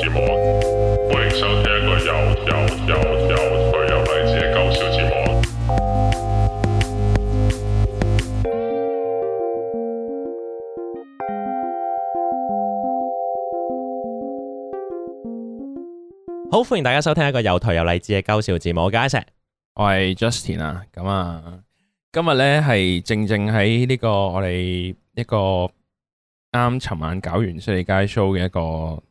節歡迎收聽一個又又又又台又勵志嘅搞笑節目。好，歡迎大家收聽一個又台又勵志嘅搞笑節目。我係佳石，我係 Justin 啊。咁啊，今日咧係正正喺呢、這個我哋一個啱尋晚搞完西麗街 show 嘅一個。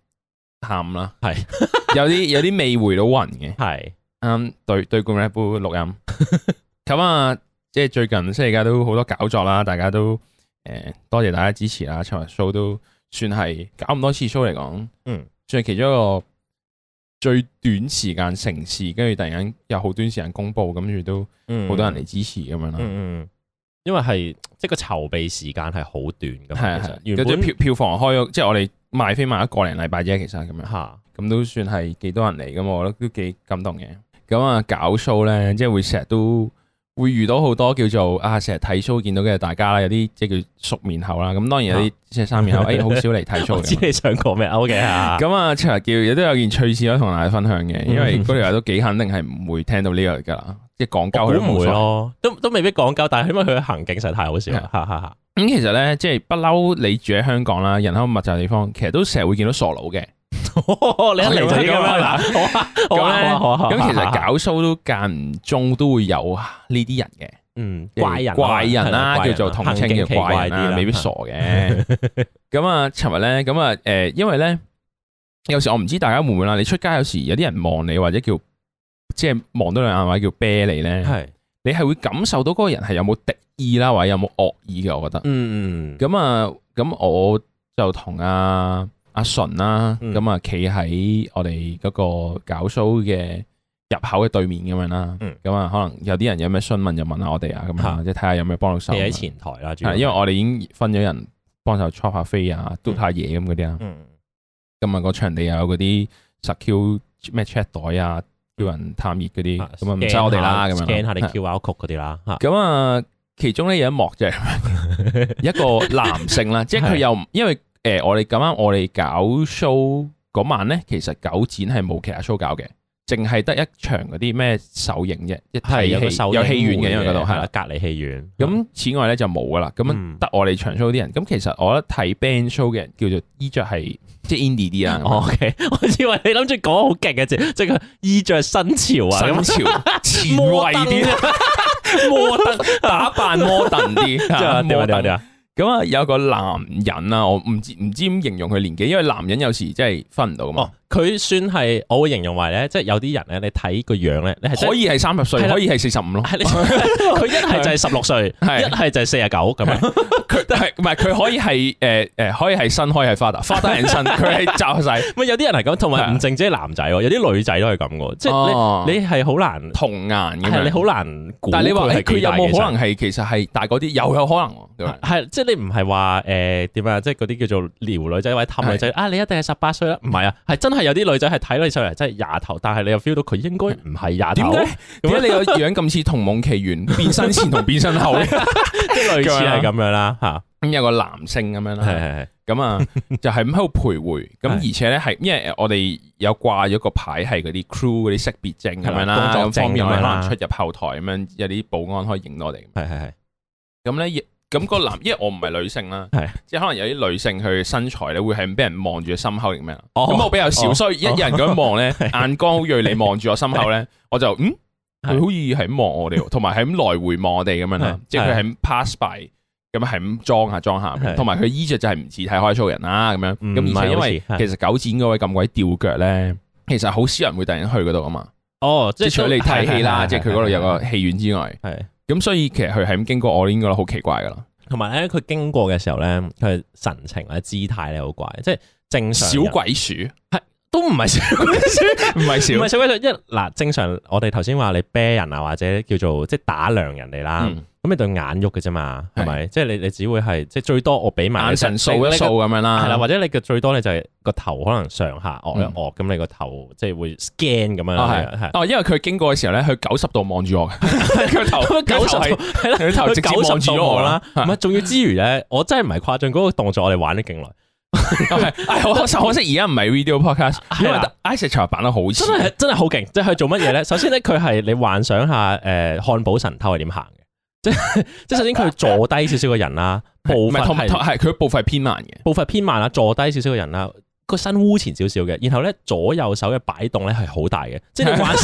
喊啦，係是 有啲有啲未回到魂嘅，係啱是、嗯、對對 grandpa 錄音咁啊！即係 最近，即係而家都好多搞作啦，大家都誒、呃、多謝大家支持啦，琴日 show 都算係搞咁多次 show 嚟講，嗯，算係其中一個最短時間成事，跟住突然間有好短時間公布，跟住都好多人嚟支持咁樣啦，嗯，嗯，嗯因為係即係個籌備時間係好短噶嘛，係係，有啲原本 票票房開咗，即係我哋。賣飛賣一個零禮拜啫，其實咁樣吓，咁 都算係幾多人嚟，咁我覺得都幾感動嘅。咁啊，搞 show 咧，即係會成日都會遇到好多叫做啊，成日睇 show 見到嘅大家啦，有啲即係叫熟面口啦。咁當然有啲即係生面口，誒，好少嚟睇 show 嘅。知你想講咩 OK 嘅啊？咁啊，出嚟叫，亦都有件趣事可以同大家分享嘅，因為嗰條都幾肯定係唔會聽到呢個噶。即係講鳩佢都唔會咯，都都未必講究，但係因為佢嘅行徑實在太好笑啦。咁是的、 嗯、其實咧，即係不嬲，你住喺香港啦，人口密集地方，其實都成日會見到傻佬嘅。 你一嚟睇咁樣啦。咁咁其實搞 show 都間唔中都會有呢啲人嘅。嗯，怪人怪人啦，叫做同稱嘅怪啦，未必傻嘅。咁 啊，尋日咧，咁啊，誒，因為咧， 有時我唔知大家會唔會啦。你出街有時有啲人望你或者叫。即係望到兩眼位叫啤你咧，係你係會感受到嗰個人係有冇敵意啦，或者有冇惡意嘅？我覺得，嗯，咁啊，咁我就同阿阿純啦，咁啊，企喺我哋嗰個搞 show 嘅入口嘅對面咁樣啦，咁啊，可能有啲人有咩詢問就問下我哋啊，咁啊，即睇下有咩幫到手。你喺前台啦，係，因為我哋已經分咗人幫手 check 下飛啊，都下嘢咁嗰啲啊。咁啊，今日個場地又有嗰啲 secure 咩 check 袋啊。叫人探熱嗰啲，咁啊唔使我哋啦，咁啊 scan 下你 QR 曲嗰啲啦，咁啊其中咧有一幕就係一個男性啦，即係佢又因為誒我哋咁啱我哋搞 show 嗰晚咧，其實九展係冇其他 show 搞嘅。淨係得一場嗰啲咩首映啫，一睇戲有戲院嘅，因為嗰度係隔離戲院。咁此外咧就冇噶啦，咁得我哋場 show 啲人。咁其實我覺得睇 band show 嘅人叫做衣着係即係 indie 啲啊。OK，我以為你諗住講好勁嘅，即即係衣着新潮啊，新潮前衞啲摩登打扮摩登啲啊。點點啊咁啊有個男人啊，我唔知唔知點形容佢年紀，因為男人有時真係分唔到噶嘛。佢算係，我會形容為咧，即係有啲人咧，你睇個樣咧，你係可以係三十歲，可以係四十五咯。佢一係就係十六歲，一係就係四十九咁樣。佢都係，唔係佢可以係誒誒，可以係新開係發達，發達人生，佢係罩晒。有啲人係咁，同埋唔淨止係男仔喎，有啲女仔都係咁喎。即係你你係好難同顏嘅，你好難估。但係你話佢有冇可能係其實係大嗰啲，有有可能係即係你唔係話誒點啊？即係嗰啲叫做撩女仔或者氹女仔啊！你一定係十八歲啦？唔係啊，係真係。有啲女仔係睇你上嚟真係廿頭，但係你又 feel 到佢應該唔係廿頭。點解？這樣 你個樣咁似《童夢奇緣》變身前同變身後即係 類似係咁樣啦，吓咁 有個男性咁樣啦，係係係，咁啊就係咁喺度徘徊。咁 而且咧係因為我哋有掛咗個牌係嗰啲 crew 嗰啲識別證咁樣，係咪啦？工作證，咁方便我哋出入後台咁樣，有啲保安可以認我哋。係係係，咁咧。咁個男，因為我唔係女性啦，係即係可能有啲女性佢身材咧會係俾人望住個心口定咩啦。咁我比較少，所以一人咁望咧，眼光好鋭利，望住我心口咧，我就嗯，佢好似係咁望我哋，同埋係咁來回望我哋咁樣咧，即係佢係 pass by 咁係裝下裝下，同埋佢衣着就係唔似睇開粗人啦咁樣。咁而且因為其實九展嗰位咁鬼吊腳咧，其實好少人會突然去嗰度啊嘛。哦，即係除咗你睇戲啦，即係佢嗰度有個戲院之外，係。咁所以其實佢係咁經過，我已經覺得好奇怪噶啦，同埋咧佢經過嘅時候咧，佢嘅神情或者姿態咧好怪，即係正常小鬼鼠係。都唔係小唔係小唔係小鬼，因為嗱，正常我哋頭先話你啤人啊，或者叫做即係打量人哋啦。咁你對眼喐嘅啫嘛，係咪？即係你你只會係即係最多我俾埋眼神掃一掃咁樣啦。係啦，或者你嘅最多你就係個頭可能上下惡一惡咁，你個頭即係會 scan 咁樣哦，因為佢經過嘅時候咧，佢九十度望住我佢頭九十度，佢頭直接望住我啦。咁仲要之餘咧，我真係唔係誇張，嗰個動作我哋玩得勁耐。係、 哎，我可惜而家唔係 video podcast， 啦因為 Isaac 話扮得好似，真係真係好勁。即係佢做乜嘢咧？ 首先咧，佢係你幻想下誒，漢、呃、堡神偷係點行嘅？即即首先佢坐低少少嘅人啦， 部分係係佢部分係偏慢嘅，部分偏慢啦，坐低少少嘅人啦。個身污前少少嘅，然後咧左右手嘅擺動咧係好大嘅，的即係是玩，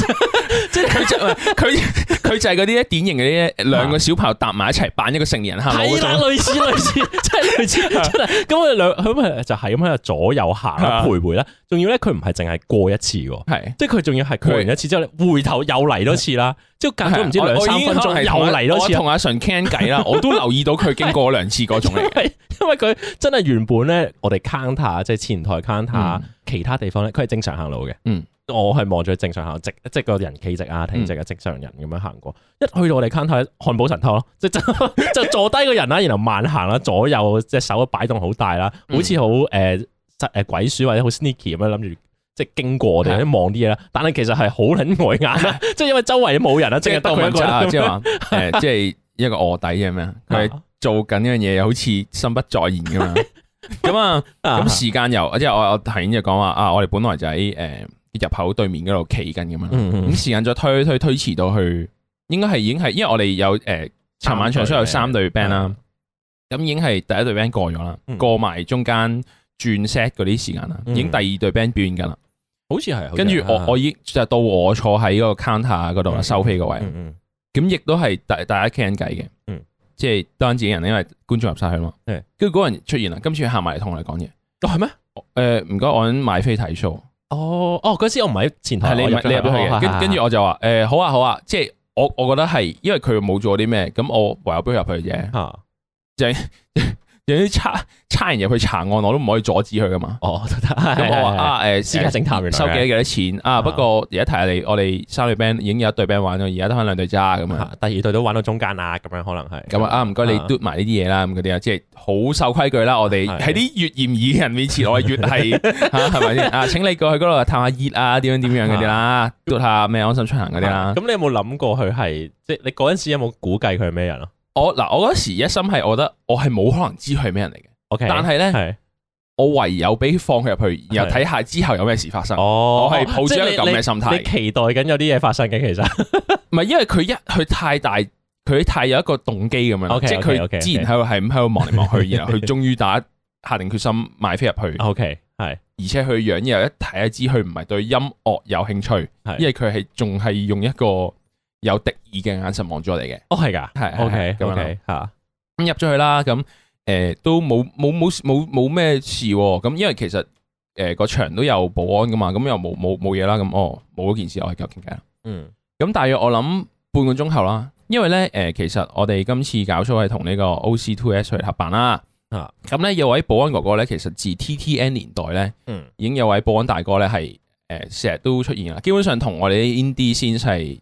即係佢就佢佢就係嗰啲咧典型嘅啲兩個小朋友搭埋一齊的扮一個成年人吓，係啦，類似類似，即係類似，真係咁佢兩佢就係咁喺度左右行徘徊啦，仲要咧佢唔係淨係過一次喎，係的，即係佢仲要係過完一次的之後咧回頭又嚟多次啦。即係隔咗唔知兩三分鐘係又嚟多次，同阿純傾偈啦， 我都留意到佢經過兩次嗰種嚟嘅， 因為佢真係原本咧，我哋 counter 即係前台 counter，、嗯、其他地方咧佢正常行路嘅，嗯，我係望住佢正常行路直，即係個人企直啊、挺直啊、正常人咁樣行過，嗯、一去到我哋 counter 漢堡神偷咯，即 係就坐低個人啦，然後慢行啦，左右隻、即係、手擺動大、嗯、好大啦，好似好誒誒鬼鼠或者好 sneaky 咁樣諗住。即係經過定望啲嘢啦，但係其實係好捻外眼啊！即係因為周圍都冇人啊，淨係得佢一個，即係話，誒，即係一個卧底係咩？佢佢做緊呢樣嘢，好似心不在焉噶嘛。咁啊，咁時間又，即係我我頭先就講話啊，我哋本來就喺誒入口對面嗰度企緊噶嘛。咁時間再推推推遲到去，應該係已經係，因為我哋有誒尋晚場先有三隊 band 啦，咁已經係第一隊 band 過咗啦，過埋中間轉 set 嗰啲時間啦，已經第二隊 band 表演緊啦。好似係，跟住我我已就到我坐喺嗰個 counter 嗰度收票嗰位，咁亦都係大大家傾緊偈嘅，即係當自己人，因為觀眾入晒去嘛。跟住嗰人出現啦，今次行埋嚟同我哋講嘢，都係咩？誒，唔該，我揾買飛睇 show。哦哦，嗰時我唔係前台，你入去嘅，跟住我就話誒，好啊好啊，即係我我覺得係，因為佢冇做啲咩，咁我唯有俾佢入去啫，就。有啲差差人入去查案，我都唔可以阻止佢噶嘛。哦， 我話啊，誒、呃，是是私家偵探收幾幾多錢是是啊？不過而家睇下你，我哋三對 band 已經有一對 band 玩咗，兩而家得翻兩對渣咁啊。第二對都玩到中間啦，咁樣可能係。咁樣啊，啊唔該，你 do 埋呢啲嘢啦，咁嗰啲啊，即係好守規矩啦。我哋喺啲越嫌疑嘅人面前，是是我越係 啊，係咪先啊？請你過去嗰度探下熱啊，點樣點樣嗰啲啦，do 下咩安心出行嗰啲啦。咁你有冇諗過佢係即係你嗰陣時有冇估計佢係咩人啊？我嗱，我嗰時一心係我覺得我係冇可能知佢係咩人嚟嘅。O K，但係咧，我唯有俾放佢入去，然後睇下之後有咩事發生。我係抱住一個咁嘅心態，你期待緊有啲嘢發生嘅，其實唔係，因為佢一去太大，佢太有一個動機咁樣。即係佢之前喺度係咁喺度望嚟望去，然後佢終於打下定決心買飛入去。O K，係，而且佢樣又一睇，一知佢唔係對音樂有興趣，因為佢係仲係用一個。有敵意嘅眼神望咗我哋嘅。哦，係㗎，係是，OK，咁樣吓，咁入咗去啦，咁誒、呃、都冇冇冇冇冇咩事喎、啊，咁因為其實誒個、呃、場都有保安㗎嘛，咁又冇冇冇嘢啦，咁哦冇件事我係究竟偈嗯，咁大約我諗半個鐘後啦，因為咧誒、呃、其實我哋今次搞 show 係同呢個 O C Two S 去合辦啦，啊、嗯，咁咧有位保安哥哥咧，其實自 T T N 年代咧，嗯，嗯已經有位保安大哥咧係誒成日都出現啦，基本上同我哋啲 in d 先係。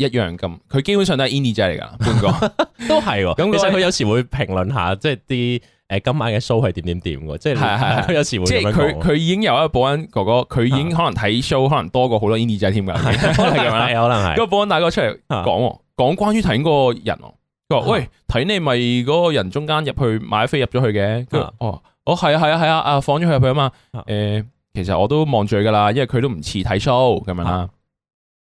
一樣咁，佢基本上都係 indie 仔嚟㗎，半個都係喎。咁其實佢有時會評論下，即係啲誒今晚嘅 show 係點點點喎。即係係係，有時會即係佢佢已經有一個保安哥哥，佢已經可能睇 show，可能多過好多 indie 仔添㗎。係係，可能係。個保安大哥出嚟講，講關於睇嗰個人哦。喂，睇你咪嗰個人中間入去買飛入咗去嘅。佢哦，我係啊係啊係啊啊放咗佢入去啊嘛。誒，其實我都望住佢㗎啦，因為佢都唔似睇 show 咁樣啦。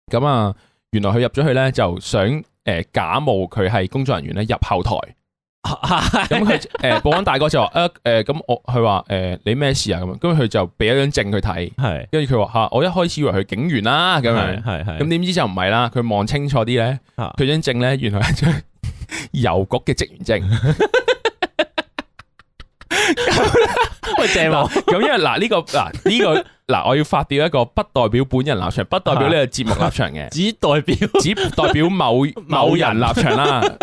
咁啊～原來佢入咗去咧，就想誒假冒佢係工作人員咧入後台。咁佢誒保安大哥就話誒，咁我佢話誒你咩事？嗯，啊？咁樣，咁佢就俾一張證佢睇。係，跟住佢話吓，我一開始以為佢警員啦，咁樣。係係。咁點知就唔係啦，佢望清楚啲咧，佢張是證咧原來係張郵局嘅職員證。喂，正！咁 因為嗱呢個嗱呢個。這個嗱，我要發表一個不代表本人立場，不代表呢個節目立場嘅、啊，只代表只代表某某人立場啦。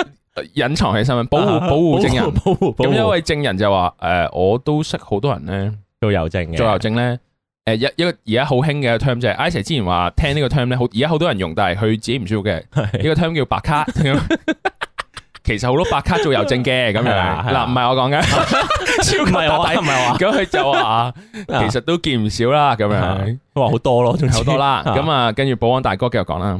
隱藏起身份，保護保護證人。咁一位證人就話：誒、呃，我都識好多人咧做郵政嘅，做郵政咧，誒、呃、一一個而家好興嘅 term 就係，阿 Sir 之前話聽呢個 term 咧，好而家好多人用，但係佢自己唔需要嘅呢個 term 叫白卡。 其實好多白卡做郵政嘅咁樣，嗱，唔係我講嘅，唔係我唔係話，咁佢就話其實都見唔少啦，咁樣，佢話好多咯，仲有好多啦，咁啊，跟住保安大哥繼續講啦，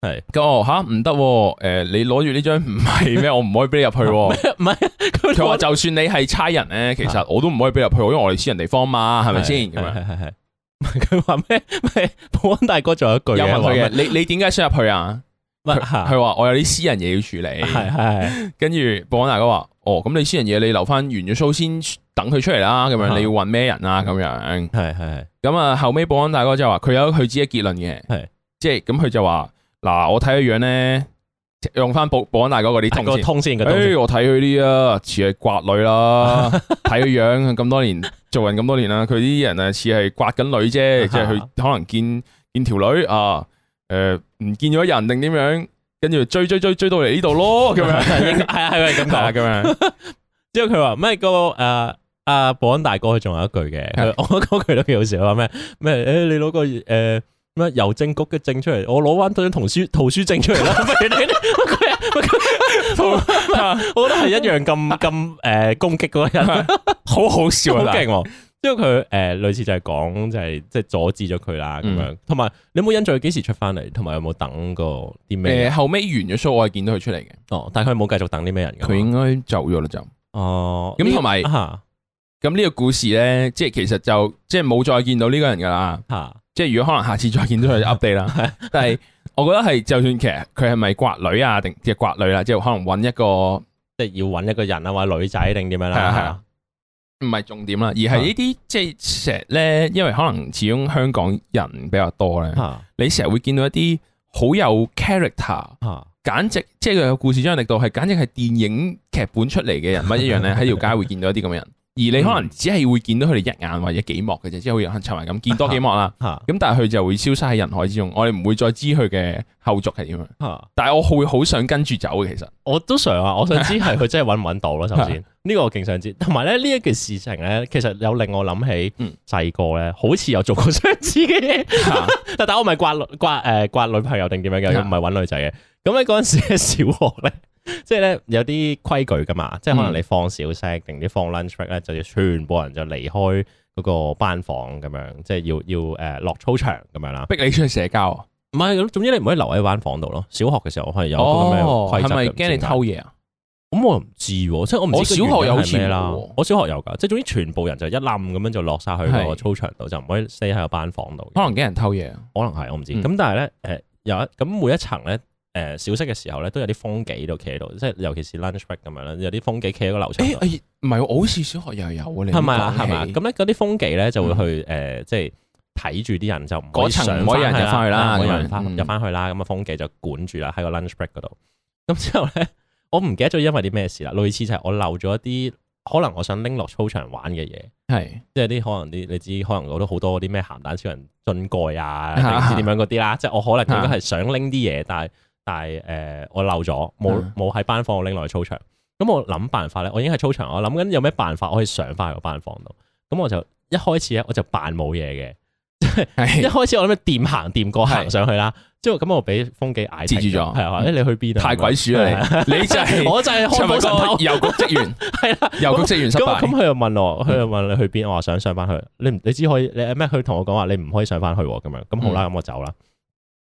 係咁吓唔得，誒，你攞住呢張唔係咩？我唔可以俾你入去，唔係，佢話就算你係差人咧，其實我都唔可以俾你入去，因為我哋私人地方嘛，係咪先？係係係，佢話咩？保安大哥仲有一句嘅，你你點解想入去啊？佢話我有啲私人嘢要處理，係係，跟住保安大哥話， 哦，咁你私人嘢你留翻完咗 show 先，等佢出嚟啦，咁樣你要搵咩人啊？咁樣，係係咁啊，後尾保安大哥就話，佢有佢自己結論嘅，係係係，即係咁佢就話，嗱，我睇佢樣咧，用翻保保安大哥嗰啲，個通先嘅，先哎，我睇佢啲啊，似係刮女啦，睇佢 樣咁多年，做人咁多年啦，佢啲人啊似係刮緊女啫，即係佢可能見見條女啊。誒，唔、呃、見咗人定點樣？跟住追追追追到嚟呢度咯，咁樣係啊係啊咁解咁樣。之後佢話咩？個誒阿保安大哥佢仲有一句嘅是的、 欸呃，我嗰句都幾好笑。話咩咩？誒你攞個誒咩郵政局嘅證出嚟，我攞翻張圖書圖書證出嚟啦。 我覺得係一樣咁咁誒攻擊嗰個人， 好好笑好勁。因為佢誒類似就係講就係即係阻止咗佢啦咁樣，同埋你冇印象佢幾時出翻嚟？同埋有冇等過啲咩？誒，後尾完咗 show 我係見到佢出嚟嘅。哦，但係佢冇繼續等啲咩人嘅。佢應該走咗啦就。哦，咁同埋吓，咁呢個故事咧，即係其實就即係冇再見到呢個人噶啦吓。即係如果可能下次再見到佢 update 啦，但係我覺得係就算其實佢係咪刮女啊，定即係刮女啦，即係可能搵一個即係要搵一個人啊或者女仔定點樣啦。係係。唔係重點啦，而係呢啲即係成咧，因為可能始終香港人比較多咧，吓、啊，你成日會見到一啲好有 character，吓、啊，簡直即係佢嘅故事張力度係簡直係電影劇本出嚟嘅人物一樣咧，喺條街會見到一啲咁嘅人。而你可能只係會見到佢哋一眼或者幾幕嘅啫，嗯、即係好似可以循環咁見多幾幕啦。咁、啊、但係佢就會消失喺人海之中，我哋唔會再知佢嘅後續係點樣。啊、但係我會好想跟住走嘅，其實我都想啊，我想知係佢真係揾唔揾到咯，啊、首先、啊、呢個我勁想知。同埋咧呢一件事情咧，其實有令我諗起細個咧，好似有做過相似嘅嘢，啊、 但係我唔係刮女刮誒刮，、呃、刮女朋友定點樣嘅，唔係揾女仔嘅。咁喺嗰陣時喺小學咧，即係咧有啲規矩噶嘛，嗯、即係可能你放小息定啲放 lunch break 咧，就要全部人就離開嗰個班房咁樣，即係要要誒落操場咁樣啦，逼你出去社交。唔係咁，總之你唔可以留喺班房度。咯。小學嘅時候我係有咁樣規矩。係咪驚你偷嘢啊？咁我唔知，即係我唔知我小學有咩啦？我小學有噶，即係總之全部人就一冧咁樣就落晒去個操場度，是就唔可以 stay 喺個班房度。可能驚人偷嘢，可能係我唔知。咁、嗯、但係咧，誒，有一咁每一層咧。誒，小息嘅時候咧，都有啲風紀喺度企喺度，即係尤其是 lunch break 咁樣啦，有啲風紀企喺個樓層。唔係，我好似小學又有啊，你係咪啊，係咪啊，咁咧，嗰啲風紀咧就會去誒，即係睇住啲人就唔俾上，嗰人就翻去啦，翻入翻去啦，咁啊風紀就管住啦，喺個 lunch break 嗰度。咁之後咧，我唔記得咗因為啲咩事啦，類似就係我漏咗一啲，可能我想拎落操場玩嘅嘢，係，即係啲可能啲，你知可能攞到好多啲咩鹹蛋超人樽蓋啊，定唔知點樣嗰啲啦，即係我可能佢都係想拎啲嘢，但係。但係誒，我漏咗，冇冇喺班房，我拎落去操場。咁我諗辦法咧，我已經喺操場，我諗緊有咩辦法可以上翻去個班房度。咁我就一開始咧，我就扮冇嘢嘅。一開始我諗咩？掂行掂過行上去啦。之後咁我俾風紀嗌住咗，係啊，你去邊？太鬼鼠啦你！你就係我就係開個郵局職員，係啦郵局職員失敗。咁佢又問我，佢又問你去邊？我話想上翻去。你唔你知可以你咩？佢同我講話，你唔可以上翻去咁樣。咁好啦，咁我走啦。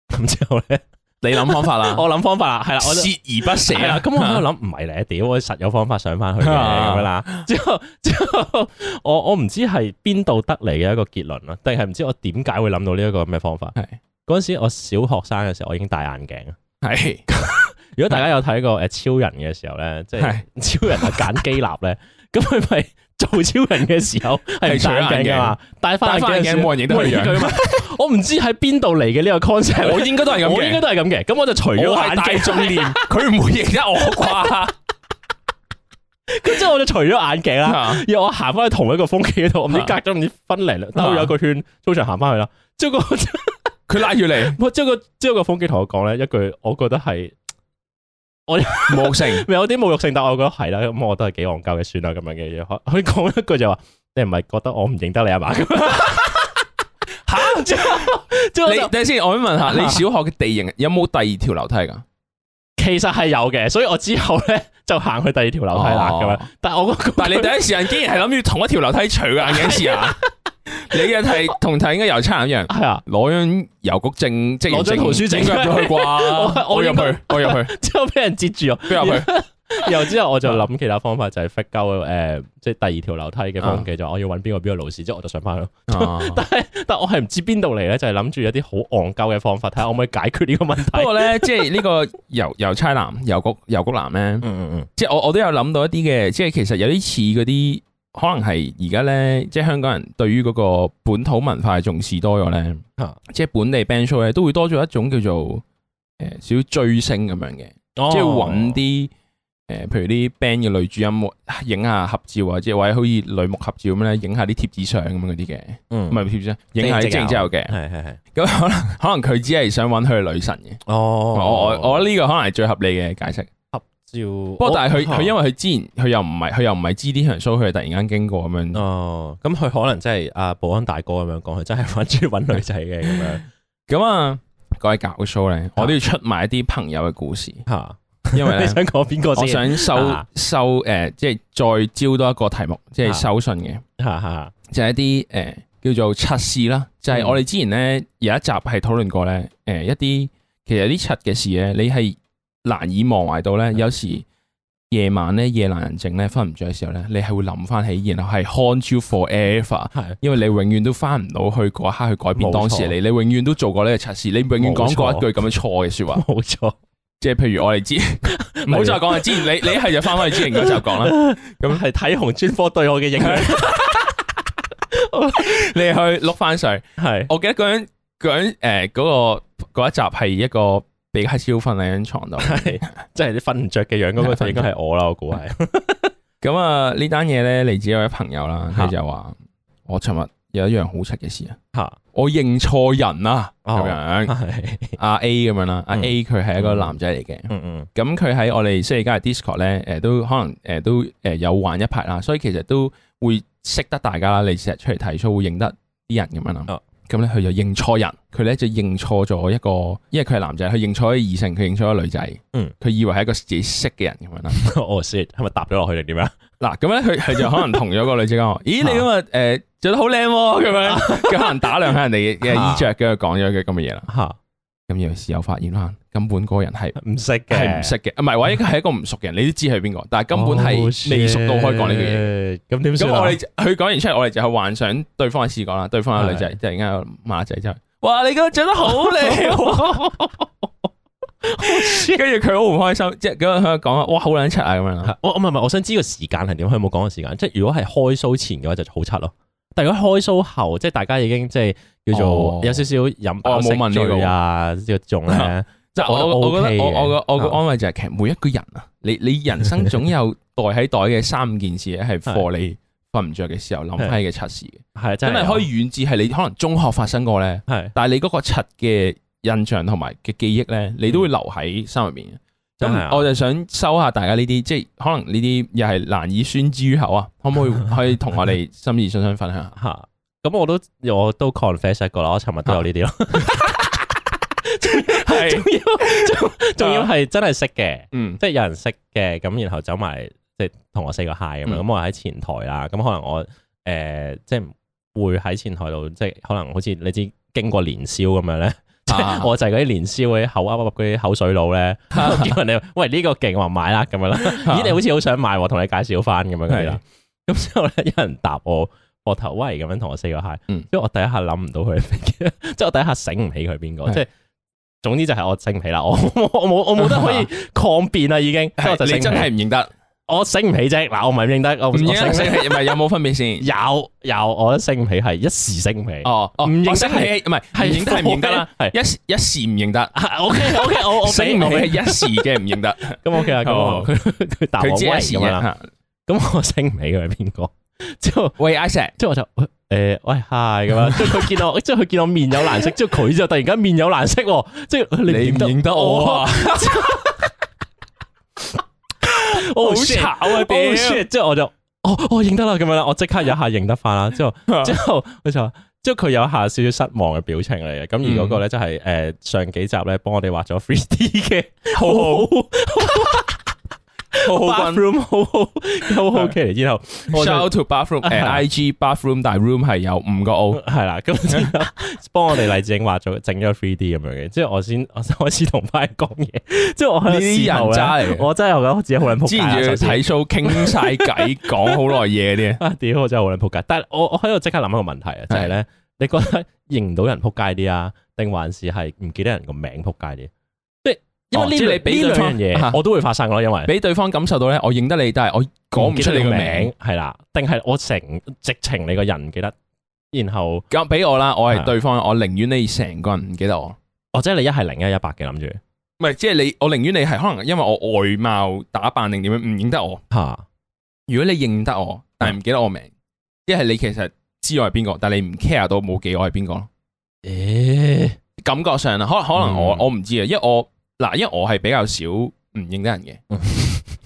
咁之後咧。你諗方法啦， 我諗方法啦，係啦，鍥而不捨 啊！咁、 啊、 我喺度諗，唔係咧，屌，我實有方法上翻去啦。之後之後，我我唔知係邊度得嚟嘅一個結論啦，定係唔知我點解會諗到呢一個咩方法？係嗰陣時我小學生嘅時候，我已經戴眼鏡。係是 如果大家有睇過誒超人嘅時候咧，即係是超人啊揀基立咧，咁佢咪。 做超人嘅時候係唔戴眼鏡嘅嘛？戴翻眼鏡冇人認得你。我唔知喺邊度嚟嘅呢個 concept，我應該都係咁嘅。我應該都係咁嘅。咁我就除咗眼鏡，佢唔會認得我啩。咁之後我就除咗眼鏡啦，然後我行翻去同一個風機度，我唔知隔咗唔知分零，兜有個圈，通常行翻去啦。即係個佢拉住嚟，即係個之後個風機同我講咧一句，我覺得係。我無性，有啲侮辱性，但係我覺得係啦，咁我都係幾戇鳩嘅，算啦咁樣嘅嘢。佢講一句就話，你唔係覺得我唔認得你阿爸？吓，之後之後，等下先，我想問下你小學嘅地形有冇第二條樓梯噶？其實係有嘅，所以我之後咧就行去第二條樓梯啦咁樣。啊、但係我，但係你第一時間竟然係諗住同一條樓梯除眼鏡匙啊？你嘅係同題應該又差唔多樣，係啊。攞張郵局證，攞張圖書證入去啩？ 我入去， 我入去，之後俾人截住啊！俾啊俾。然 後之後我就諗其他方法，就係 fit 鳩誒，即係第二條樓梯嘅方氣，就我要揾邊個邊個老師，之後我就上翻去咯。但係但我係唔知邊度嚟咧，就係諗住有啲好戇鳩嘅方法，睇下我，就是、惡惡看看我可唔可以解決呢個問題。不過咧，即係呢個郵郵差男、郵局郵局男咧，嗯嗯嗯即，即係我我都有諗到一啲嘅，即係其實有啲似嗰啲，可能係而家咧，即係香港人對於嗰個本土文化重視多咗咧，吓，啊、即係本地 band show 咧，都會多咗一種叫做誒少追星咁樣嘅，即係搵啲。誒，譬如啲 band 嘅女主音樂影下合照啊，即或者好似女木合照咁咧，影下啲貼紙相咁樣嗰啲嘅。嗯，唔係貼紙影下啲正照嘅，係係係，咁可能可能佢只係想揾佢女神嘅。哦，我我我呢個可能係最合理嘅解釋，合照，不過但係佢佢因為佢之前佢又唔係佢又唔係知啲人 show，佢係突然間經過咁樣，哦，咁佢可能真係阿保安大哥咁樣講，佢真係揾住揾女仔嘅咁樣，咁啊，各位搞笑咧，我都要出賣一啲朋友嘅故事吓。因為你想講邊個？我想收收誒，即係再招多一個題目，即係收信嘅，就係一啲誒叫做測試啦。就係我哋之前咧有一集係討論過咧，誒一啲其實啲測嘅事咧，你係難以忘懷到咧。有時夜晚咧，夜闌人靜咧，瞓唔着嘅時候咧，你係會諗翻起，然後係 haunt you forever。係，因為你永遠都翻唔到去嗰一刻去改變當時你，你永遠都做過呢個測試，你永遠講過一句咁樣錯嘅說話。冇錯。即係譬如我哋知，唔 好再講說啦。知 你你係就翻返去之前嗰集就講啦。咁係睇紅專科對我嘅影響。 你去碌翻上係，是我記得嗰樣誒，那個一、那個那個那個，集係一個比較少瞓喺張床度，即係你瞓唔着嘅樣。嗰個就應該係我啦猜，我估係。咁啊，呢單嘢咧嚟自一位朋友啦，佢就話我尋日。有一樣好出嘅事啊！哈我認錯人啦，咁、哦啊、樣阿、 啊、A 咁樣啦，阿 A 佢係一個男仔嚟嘅，咁佢喺我哋即係而家嘅 Discord 咧，誒、呃、都可能誒、呃、都誒有玩一排啦，所以其實都會識得大家啦，你成日出嚟提出會認得啲人咁樣咯。哦咁咧，佢就認錯人，佢咧就認錯咗一個，因為佢係男仔，佢認錯個異性，佢認錯咗女仔。嗯，佢以為係一個自己識嘅人咁樣啦。Oh shit，係咪搭咗落去定點樣？嗱，咁咧佢佢就可能同咗個女仔講： 咦，你今日誒著得好靚喎咁樣，佢可能打量下人哋嘅衣着，咁樣講咗嘅咁嘅嘢啦。嚇，咁有時有發現啦。根本嗰個人係唔識嘅，係唔識嘅，唔係話應該係一個唔熟嘅人，你都知佢邊個，但係根本係未熟到可以講呢句嘢？咁點算？咁我哋佢講完出嚟，我哋就係幻想對方嘅視角啦。對方嘅女仔的即係而家馬仔真係、就係就係，哇！你個長得好靚，跟住佢好唔開心，即係咁樣講啊！哇，好卵出啊！咁樣，我唔係我想知個時間係點？佢冇講個時間，即係如果係開 show 前嘅話就好七咯，但係如果開 show 後，即係大家已經即係叫做、oh, 有少少飲酒食醉啊呢咧。我我覺得我我個我個安慰就係其實每一個人啊， 你你人生總有袋喺袋嘅三件事咧，係 for 你瞓唔着嘅時候，諗起嘅測試嘅，係真係可以遠至係你可能中學發生過咧，係是，但係你嗰個測嘅印象同埋嘅記憶咧，你都會留喺心入面。咁我就想收下大家呢啲，即係可能呢啲又係難以宣之於口啊，可唔可以去同我哋心事信箱分享下？咁 我都我都 confess 一個啦，我尋日都有呢啲咯。 係仲要仲要係真係識嘅，嗯，即係有人識嘅，咁然後走埋即係同我四個 hi 咁樣，咁我喺前台啦，咁可能我誒即係會喺前台度，即係可能好似你知經過年宵咁樣咧，我就係嗰啲年宵嗰啲口啊，嗰啲口水佬咧，叫人哋喂呢個勁，話買啦咁樣啦，咦你好似好想買，同你介紹翻咁樣啦，咁之後咧有人答我我頭威咁樣同我四個 hi，因為我第一下諗唔到佢，即係我第一下醒唔起佢邊個，即係。總之就係我醒唔起啦，我我冇我冇得可以抗辯啦，已經。你真係唔認得，我醒唔起啫。嗱，我唔係唔認得，我醒唔起唔係有冇分別先？有有，我都醒唔起，係一時醒唔起。哦，唔認得係唔係係認得唔認得啦？係一時一時唔認得。O K O K，我醒唔起係一時嘅唔認得。咁 OK 啦，佢大王一時啦。咁我醒唔起嘅係邊個？就喂，Isaac，就就。誒，喂，hi 咁樣，即係佢見到，即係佢見到面有難色，之後佢就突然間面有難色，即係你認唔認得我啊？我好慘啊，屌，即係我就，哦，我認得啦，咁樣啦，我即刻有一下認得翻。啦之後之後佢就，即係佢有一一下少少失望嘅表情嚟嘅。咁而嗰個咧就係誒，上幾集咧幫我哋畫咗 three D 嘅，好好，好。 我好 Bath，room，好好好奇 k 之 後我，shout to bathroom，誒，I G bathroom 但 room 係有五個 O，係啦 是的，咁 之後幫我哋黎智英話咗整咗 three D 咁樣嘅，即係我先我先開始同翻人講嘢，即係我喺度人渣嚟。我真係覺得自己好撚扑街，之前睇 show 傾晒偈，講好耐嘢啲，屌、 啊，我真係好撚扑街，但係我我喺度即刻諗一個問題啊，就係咧，你覺得認唔到人扑街啲啊，定還是係唔記得人個名扑街啲？因為呢，你俾呢兩樣嘢，我都會發生咯。因為俾對方感受到咧，我認得你，但係我講唔出你個名，係啦，定係我成直情你個人唔記得，然後咁俾我啦，我係對方，我寧願你成個人唔記得我，或者你一係零，一一百嘅諗住，唔係，即係你，我寧願你係可能，因為我外貌打扮定點樣唔認得我吓。如果你認得我，但係唔記得我名，一係你其實知我係邊個，但係你唔 care 到冇記我係邊個咯。誒，感覺上啊，可可能我我唔知啊，因為我。嗱，因為我係比較少唔認得人嘅，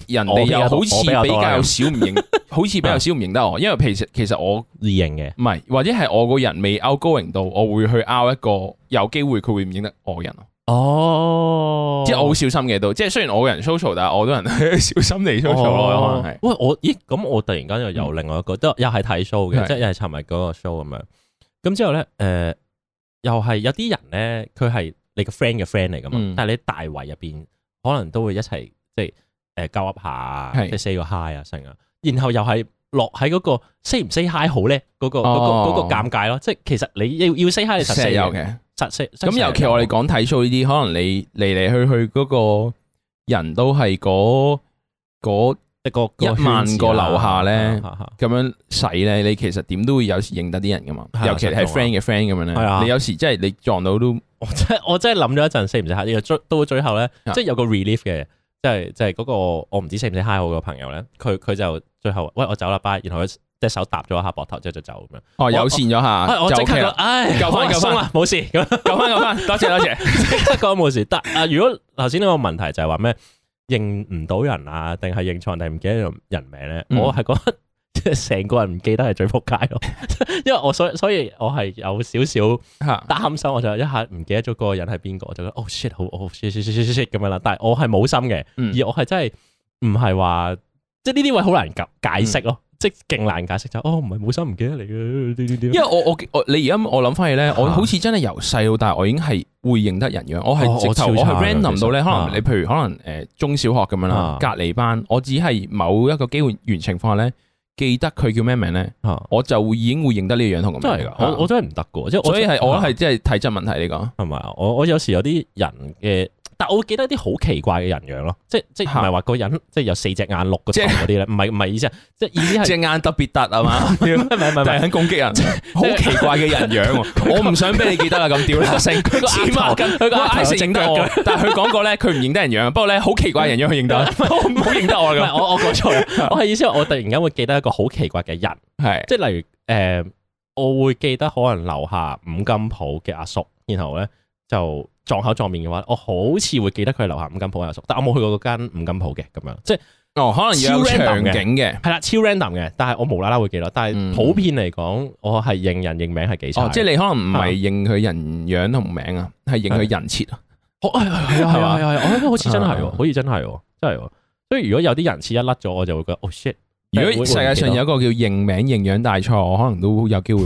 人哋又好似比較少唔認，好似比較少唔認得我。因為其實其實我認嘅，唔係或者係我個人未 outgoing 到，我會去 out 一個有機會佢會唔認得我人。哦，即係我好小心嘅，都即係雖然我個人 social，但係我都人小心你 social 咯。可能係，喂，我咦，咁我突然間又有另外一個，都又係睇 show 嘅，即係又係尋日嗰個 show 咁樣。咁之後咧，誒，又係有啲人咧，佢係。你個 friend 嘅 friend 嚟㗎嘛？但係你大圍入邊可能都會一齊即係誒交握下，即係 say 個 hi 啊成啊，然後又係落喺嗰個 say 唔 say hi 好咧嗰個、嗰個、哦、嗰個尷尬咯。即係其實你要要 say hi 你實在嘅，實在咁尤其我哋講體操呢啲，可能你嚟嚟去去嗰個人都係嗰一個一萬個樓下咧咁樣使咧，你其實點都會有時認得啲人㗎嘛。尤其係 friend 嘅 friend 咁樣咧，你有時即係你撞到都。我真我真係諗咗一陣，死唔死下。呢個到最後咧，即係有個 relief 嘅，即係即係嗰個我唔知死唔死吓我個朋友咧，佢佢就最後：「喂，我走啦，拜！」然後佢隻手搭咗一下膊頭，之後就走咁樣。哦，有線咗下，我即刻唉，救翻救翻啊，冇事，救翻救翻，多謝多謝，講冇事。但啊，如果頭先呢個問題就係話咩認唔到人啊，定係認錯定係唔記得人名咧？我係覺得。成個人唔記得係最撲街咯，因為我所所以，我係有少少擔心，我就一下唔記得咗嗰個人係邊個，我就覺得哦、oh、shit，好 o、oh、shit，shit、oh、shit shit 咁樣啦。但係我係冇心嘅，嗯、而我係真係唔係話，即係呢啲位好難解解釋咯，即係勁難解釋就哦，唔係冇心唔記得你嘅啲啲啲。因為我我我你而家我諗翻起咧，我好似真係由細到大，我已經係會認得人樣，我係直頭去 random 到咧，可能你譬如可能誒中小學咁樣啦，隔離班，我只係某一個機會完情況下咧。記得佢叫咩名咧？啊，我就已經會認得呢樣同個名。真係噶，我、即係、我真係唔得噶，即係所以係我係即係體質問題嚟、講，係咪啊？我我有時有啲人嘅。但我會記得啲好奇怪嘅人樣咯，即即唔係話個人，即有四隻眼六個頭嗰啲咧，唔係唔係意思，即即意思係隻眼特別突啊嘛，係咪？係咪？係很攻擊人，好奇怪嘅人樣，我唔想俾你記得啦，咁屌啦聲，佢個 I C 整到我，但係佢講過咧，佢唔認得人樣，不過咧好奇怪人樣佢認得，我好認得我啦，我我講錯，我係意思我突然間會記得一個好奇怪嘅人，係即例如誒，我會記得可能樓下五金鋪嘅阿叔，然後咧就。撞口撞面嘅話，我好似會記得佢係樓下五金鋪阿叔，但我冇去過嗰間五金鋪嘅咁樣，即係哦，可能有超長嘅，係啦，超 random 嘅，但係我無啦啦會記得，但係普遍嚟講，我係認人認名係幾差。哦，即係你可能唔係認佢人樣同名啊，係認佢人設啊。係係係，我覺得好似真係，好似真係，真係。所以如果有啲人設一甩咗，我就會覺得 oh shit！如果世界上有一個叫認名認樣大賽，我可能都有機會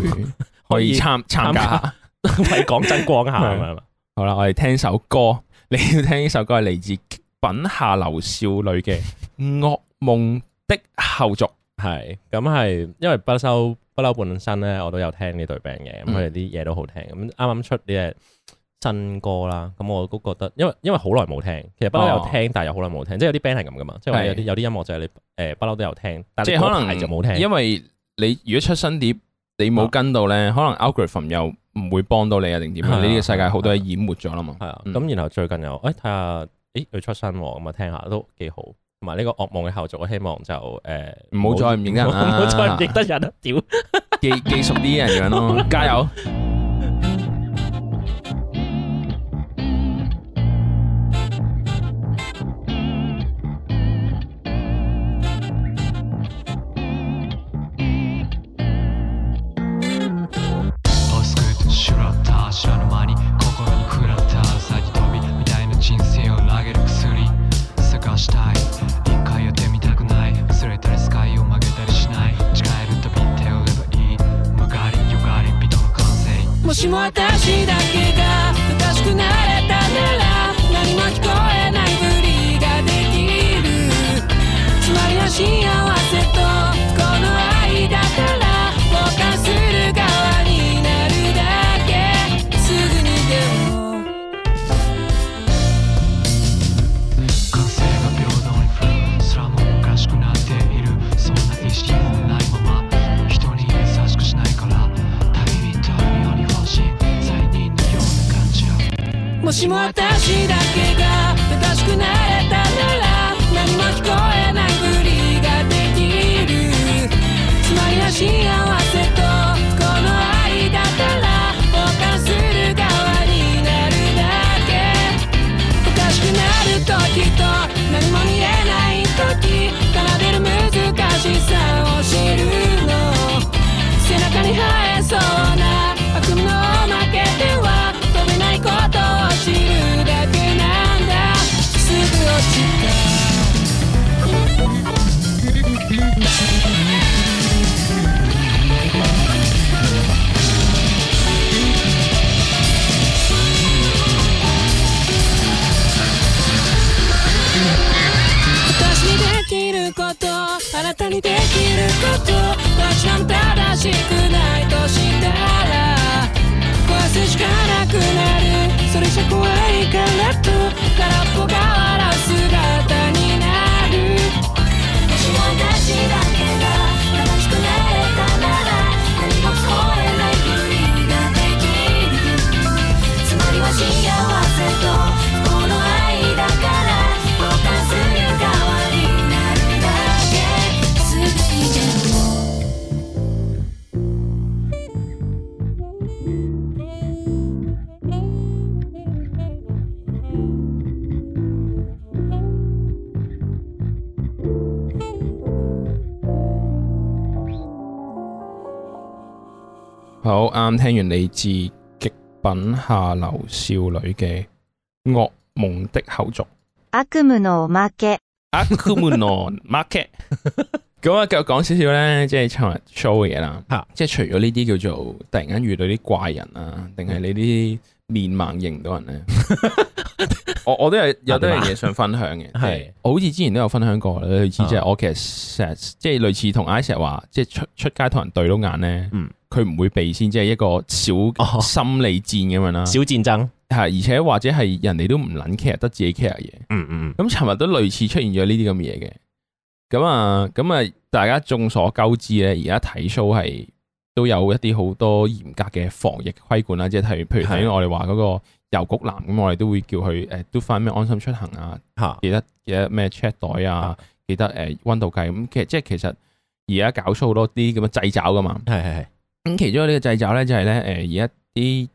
可以參參加，為講真光下。好啦，我哋聽首歌。你要聽呢首歌係嚟自極品下流少女嘅《噩夢的後續》。係咁係，因為不嬲不嬲本身咧，我都有聽呢對 band 嘅，咁佢哋啲嘢都好聽。咁啱啱出呢隻新歌啦，咁我都覺得，因為因為好耐冇聽，其實不嬲有聽，但係又好耐冇聽。哦、即係有啲 band 係咁噶嘛，是即係有啲有啲音樂就係你誒不嬲都有聽，但係可能就冇聽。因為你如果出新碟，你冇跟到咧，哦、可能 algorithm 又。唔會幫到你啊定點啊！呢個、啊、世界好多嘢淹沒咗啦嘛。係啊，咁、嗯啊、然後最近又，哎睇下，哎佢出生喎，咁啊聽下都幾好。同埋呢個噩夢嘅後續，我希望就誒唔好再唔認人唔好再唔認得人啦、啊，屌、啊，記記熟啲人樣、啊、咯， 加油！ 啱聽完嚟自極品下流少女嘅惡夢的後續，夢口悪夢のおまけ，悪夢のおまけ。咁、就、啊、是，繼續講少少咧，即係尋日 show 嘢啦吓。即係除咗呢啲叫做突然間遇到啲怪人啊，定係你啲。 面盲認唔到人咧， 我我都係有好多樣嘢想分享嘅。係 嗎、就是、好似之前都有分享過咧，類似即係我其實石、就是就是嗯，即係類似同 i 阿石話，即係出出街同人對到眼咧，嗯，佢唔會避先，即係一個小心理戰咁樣啦、哦，小戰爭係，而且或者係人哋都唔捻 care 得自己 care 嘢，嗯嗯，咁尋日都類似出現咗呢啲咁嘢嘅，咁啊咁啊，大家眾所周知咧，而家睇 show 係。都有一啲好多嚴格嘅防疫規管啦，即係譬如，譬如我哋話嗰個郵局男咁，的我哋都會叫佢誒 do 翻咩安心出行啊，嚇的，記得的記得咩 check 袋啊，記得誒溫度計咁。其實即係其實而家搞出好多啲咁嘅掣肘噶嘛。係係係。咁其中呢個掣肘咧就係咧誒而家啲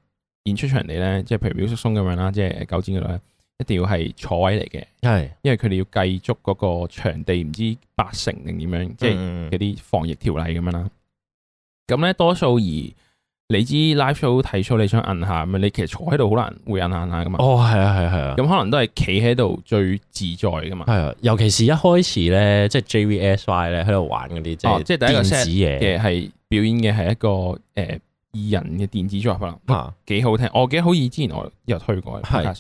演出場地咧，即係譬如表叔松咁樣啦，即係九展嗰度咧，一定要係坐位嚟嘅。係的，因為佢哋要計足嗰個場地唔知八成定點樣，即係嗰啲防疫條例咁樣啦。嗯。咁咧，多數而你知 live show 睇 show，你想摁下咁，你其實坐喺度好難會摁下下噶嘛。哦，係啊，係啊，係啊。咁可能都係企喺度最自在噶嘛。係啊，尤其是一開始咧，即係 JVSY 咧喺度玩嗰啲即係第一個 set 嘅係表演嘅係一個誒二人嘅電子 drum 啊，幾好聽。我記得好似之前我有推過。係。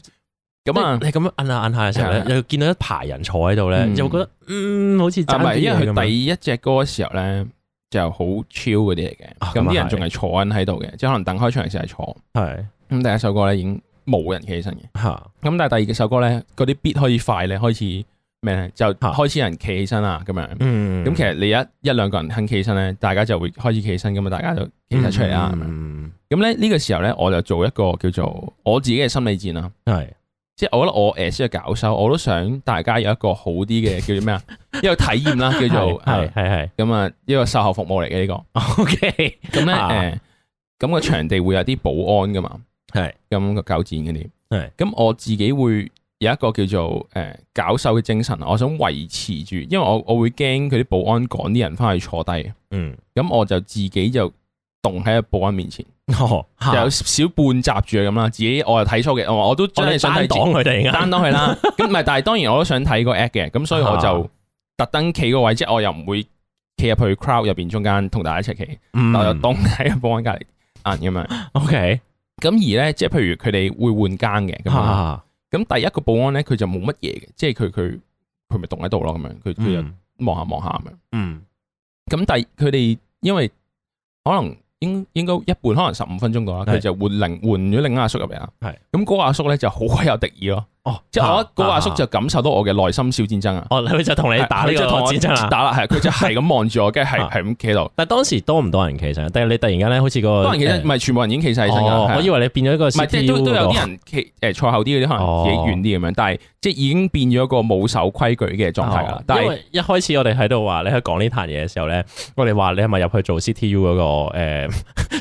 咁啊，你咁樣摁下摁下嘅時候咧，又見到一排人坐喺度咧，就覺得嗯好似。就係，因為佢第一隻歌嘅時候咧。就好 chill 嗰啲嚟嘅，咁啲、哦、人仲係坐緊喺度嘅，是是即係可能等開場嘅時候係坐。係咁是第一首歌咧已經冇人企起身嘅。吓咁，是但係第二首歌咧，嗰啲 beat 開始快咧，開始咩咧就開始人企起身啦，咁樣是。嗯，咁其實你一一兩個人肯企起身咧，大家就會開始企起身噶嘛，大家就企起出嚟啦。咁咧，呢個時候咧，我就做一個叫做我自己嘅心理戰啦。係。即係我覺得我誒先係搞手。我都想大家有一個好啲嘅叫做咩啊？ 一個體驗啦，叫做係係係咁啊， 一個售後服務嚟嘅 Okay, 呢個。OK，咁咧誒，咁個場地會有啲保安噶嘛，係咁個搞戰嗰啲，係咁是我自己會有一個叫做誒搞手嘅精神，我想維持住，因為我我會驚佢啲保安趕啲人翻去坐低，嗯，咁我就自己就棟喺個保安面前。哦啊、有少半閘住咁啦，自己我又睇錯嘅，我都我都、哦、你想睇擋佢哋，抵擋佢啦。咁唔係，但係當然我都想睇個 act 嘅，咁所以我就特登企個位，啊、即係我又唔會企入去 crowd 入邊中間同大家一齊企，嗯、但我又凍喺保安隔籬啊咁樣。OK，咁而咧，即係譬如佢哋會換更嘅，咁咁、啊、第一個保安咧，佢就冇乜嘢嘅，即係佢佢佢咪凍喺度咯，咁樣佢佢望下望下咁樣。望下望下望下嗯，咁第佢哋因為可能。應應該一半可能十五分鐘嘅話，佢是就換另換咗另一阿叔入嚟啦。咁嗰是個阿叔呢就好有敵意咯。哦，即係我嗰個阿叔就感受到我嘅內心小戰爭啊！哦，佢就同你打呢個戰爭啦，打啦，係佢就係咁望住我，跟住係係咁企度。但係當時多唔多人企晒身？但係你突然間咧，好似個多人其實唔係全部人已經企晒身噶。我以為你變咗一個係，即係都有啲人企誒，坐後啲嗰啲可能自己遠啲咁樣，但係即係已經變咗一個冇守規矩嘅狀態啦。但係一開始我哋喺度話咧，你喺度講呢壇嘢嘅時候咧，我哋話你係咪入去做 CTU 嗰個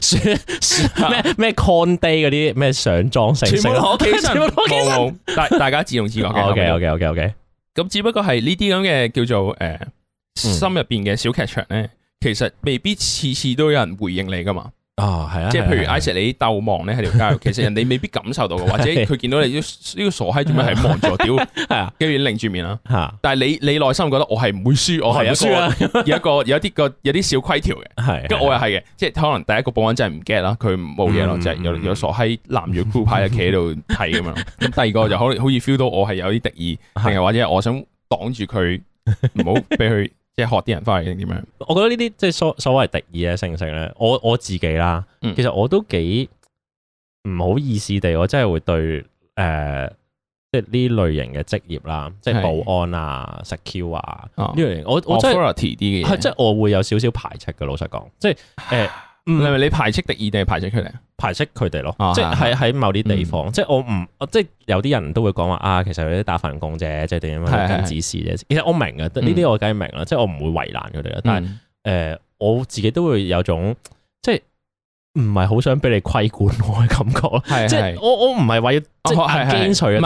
誒咩咩 Conday 嗰啲咩上妝程全部都大家自動自覺 O K O K O K O K，咁只不過係呢啲咁嘅叫做誒、呃、心入邊嘅小劇場咧，嗯、其實未必次次都有人回應你噶嘛。啊，係啊，即係譬如 i s e t 鬥望咧喺條街，其實人哋未必感受到嘅，或者佢見到你呢個傻閪做咩喺望咗屌係啊，跟住擰住面啦。但係你你內心覺得我係唔會輸，我係有輸有一個有啲個有啲小規條嘅。係，跟我又係嘅，即係可能第一個保安真係唔 get 啦，佢冇嘢咯，就係有有傻閪攔住 group 牌企喺度睇咁樣。咁第二個就可好似 feel 到我係有啲敵意，定係或者我想擋住佢，唔好俾佢。即係學啲人翻去點樣？我覺得呢啲即係所所謂敵意咧、性性咧。我我自己啦，嗯、其實我都幾唔好意思地，我真係會對誒、呃，即係呢類型嘅職業啦，即係保,、啊保,啊、保安啊、security 啊呢類型，我我真係啲嘅即係我會有少少排斥嘅。老實講，即係誒。呃 唔係你排斥敵意定係排斥佢哋排斥佢哋咯，即係喺某啲地方，即係我唔，即係有啲人都會講話啊，其實佢哋打份工啫，即係點樣，跟指示啫。其實我明啊，呢啲我梗係明啦，即係我唔會為難佢哋啦。但係誒，我自己都會有種即係唔係好想俾你規管我嘅感覺咯。即係我我唔係話要即係堅隨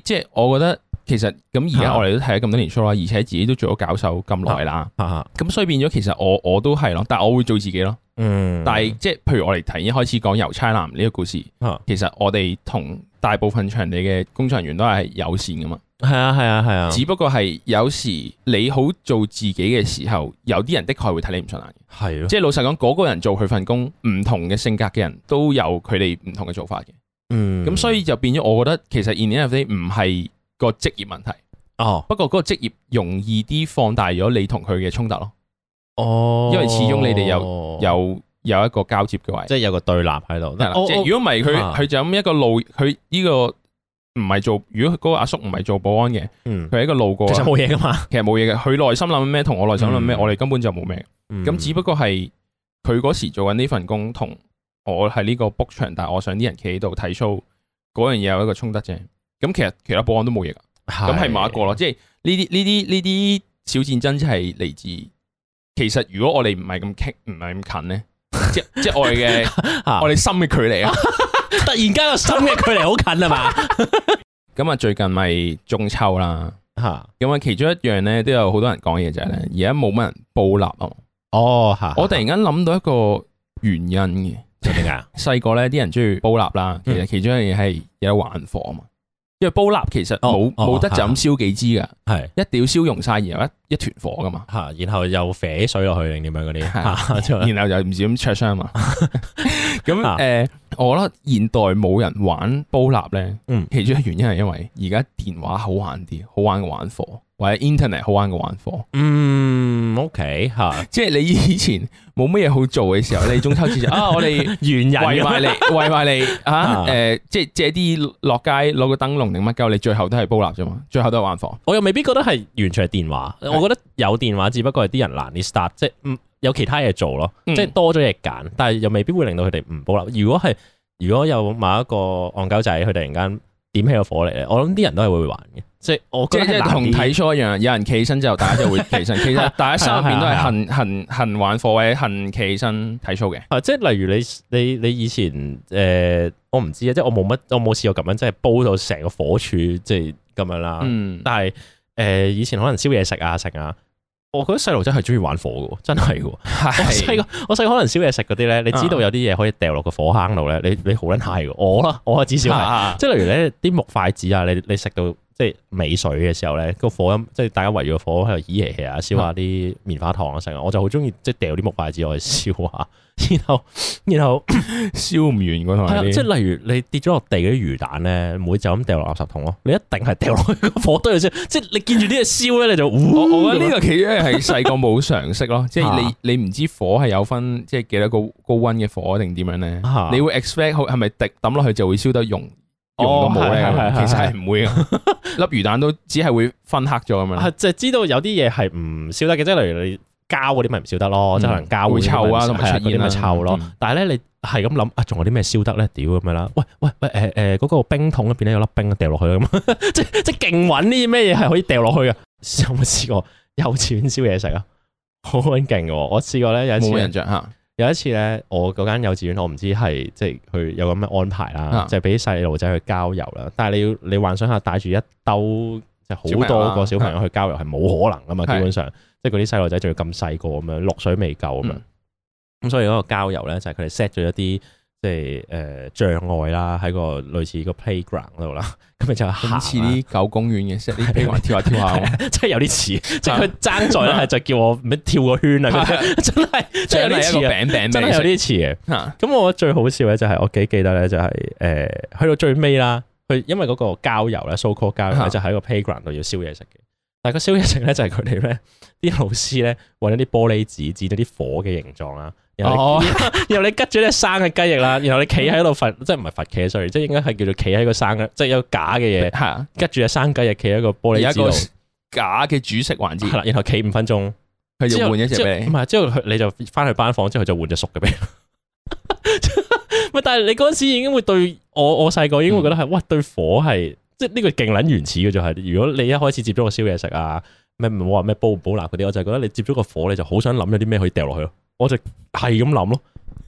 即係我覺得。其實咁而家我哋都睇咗咁多年 show 啦，啊，而且自己都做咗教授咁耐啦。咁，啊、所以變咗，其實我我都係咯，但係我會做自己咯。嗯，但係即係，譬如我哋提一開始講郵差男呢個故事，啊、其實我哋同大部分場地嘅工作人員都係友善噶嘛。係啊，係啊，係啊。只不過係有時你好做自己嘅時候，有啲人的確會睇你唔順眼。係，啊、即係老實講，嗰，那個人做佢份工，唔同嘅性格嘅人都有佢哋唔同嘅做法嘅。嗯，咁所以就變咗，我覺得其實 at the end of the day 唔係。個職業問題哦，不過嗰個職業容易啲放大咗你同佢嘅衝突咯。哦，因為始終你哋有有有一個交接嘅位，即係有個對立喺度。對了、哦、即係如果唔係佢，佢、啊、就咁一個路，佢呢個唔係做。如果嗰個阿叔唔係做保安嘅，佢係、嗯、一個路過，其實冇嘢噶嘛。其實冇嘢嘅，佢內心諗咩，同我內心諗咩，嗯、我哋根本就冇咩。咁、嗯、只不過係佢嗰時做緊呢份工，同我係呢個 book 場，但係我想啲人企喺度睇 show，嗰樣嘢有一個衝突啫。咁其實其他保安都冇嘢噶，咁係某一個咯。即係呢啲呢啲呢啲小戰爭，即係嚟自其實如果我哋唔係咁近，唔係咁近咧，即即係我哋嘅我哋心嘅距離啊！突然間個心嘅距離好近啊嘛！咁啊，最近咪中秋啦嚇，咁啊其中一樣咧都有好多人講嘢就係咧，而家冇乜人煲蠟啊！哦，我突然間諗到一個原因嘅，就點解啊？細個咧啲人中意煲蠟啦，其實其中一樣嘢係有玩火啊嘛～因為煲蠟其實冇冇、哦、得就咁燒幾支噶，係、哦啊啊、一定要燒融晒，然後一一團火噶嘛，吓、啊、然後又飛水落去定點樣嗰啲，吓、啊、 然後又唔小心灼傷啊嘛，咁誒，我覺得現代冇人玩煲蠟咧，嗯，其中一個原因係因為而家電話好玩啲，好玩過玩火。或者 Internet 好玩嘅玩火，嗯，OK 嚇，即係你以前冇乜嘢好做嘅時候， 你中秋節就 啊，我哋元人圍埋你，圍埋你啊，誒、 呃，即係借啲落街攞個燈籠定乜鳩，你最後都係煲蠟啫嘛，最後都係玩火，我又未必覺得係完全係電話，是我覺得有電話，只不過係啲人難啲 start，、嗯、即係有其他嘢做咯，嗯、即係多咗嘢揀，但係又未必會令到佢哋唔煲蠟。如果係，如果有某一個戇鳩仔，佢突然間，點起個火嚟咧，我諗啲人都係會玩嘅，即係我覺得即係同體操一樣，有人企身之後，大家就會企身。 其實大家心入面都係恨恨恨玩火或者恨企身體操嘅。即係例如你你你以前誒、呃，我唔知啊，即係我冇乜，我冇試過咁樣，即係煲到成個火柱，即係咁樣啦。嗯，但係誒、呃，以前可能燒嘢食啊，食啊。我覺得細路仔係中意玩火嘅，真係嘅。 我細個，我細個可能燒嘢食嗰啲咧，你知道有啲嘢可以掉落個火坑度咧，你你好撚嗨嘅。我啦，我啊至少係， 即係例如咧啲木筷子啊，你你食到。即係尾水嘅時候、那個、咧，咧，咧，個火音即係大家圍住個火喺度，咦嚟嚟啊，燒下啲棉花糖啊成啊，我就好中意即係掉啲木筷子落去燒下，然後然後燒唔 完嗰啲，的些即係例如你跌咗落地嗰啲魚蛋咧，唔會就咁掉落垃圾桶咯，你一定係掉落去個火堆度先， 即係你見住呢個燒咧，你就我我覺得呢個其實係細個冇常識咯，即係 你你唔知火係有分即係幾多高高溫嘅火定點樣咧， 你會 expect 好，係咪滴，抌落去就會燒得溶溶到冇咧？呢哦、 其實係唔會嘅。 粒魚蛋都只係會分黑咗咁樣，係、啊、就係，知道有啲嘢係唔燒得嘅，即係例如你膠嗰啲咪唔燒得咯，嗯、即係可能膠會臭啊，同埋出現啲咩臭咯。但係咧，你係咁諗啊，仲有啲咩燒得咧？屌咁樣啦，喂喂喂，誒誒，嗰、呃呃嗰個冰桶入邊咧，有粒冰掉落去咁 即即勁搵啲咩嘢係可以掉落去嘅？ 有冇試過有錢燒嘢食啊？好勁嘅，我試過咧，有一次冇人着吓。有一次咧，我嗰間幼稚園，我唔知係即係佢有咁嘅安排啦，嗯、就俾細路仔去郊遊啦。但係你要你幻想下，帶住一兜即係好多個小朋友去郊遊係冇可能噶嘛？嗯、基本上，即係嗰啲細路仔仲要咁細個咁樣，落水未夠咁樣。咁、嗯、所以嗰個郊遊咧，就係佢哋 set 咗一啲。即係誒障礙啦，喺個類似個 playground 度啦，咁咪就好似啲狗公園嘅，即係啲譬如話跳下跳下， 即係 有啲 似，即係佢爭在咧，係就叫我咩跳個圈啊，真係真係有啲似啊，真係有啲似嘅。咁我覺得最好笑咧就係、是、我幾記得咧就係誒去到最尾啦，佢因為嗰個郊遊咧，so called 郊遊 就喺個 playground 度要燒嘢食嘅。但係個燒嘢食咧就係佢哋咧啲老師咧，揾咗啲玻璃紙剪咗啲火嘅形狀啦。然後你，哦、 然後你吉住啲生嘅雞翼啦。然後你企喺度佛，即係唔係佛企，sorry，即係應該係叫做企喺個生，即係有假嘅嘢。係啊，吉住隻生雞翼，企喺個玻璃紙度。一個假嘅煮食環節。係啦，然後企五分鐘，佢就換一隻畀。唔係，之後佢你就翻去班房之後就換隻熟嘅畀。喂， 但係你嗰陣時已經會對我，我細個已經會覺得係，哇，對火係。即呢個勁撚原始嘅就係，如果你一開始接咗個宵夜食啊，咩唔好話咩煲唔煲辣嗰啲，我就係覺得你接咗個火你就好想諗有啲咩可以掉落去咯。我就係咁諗咯。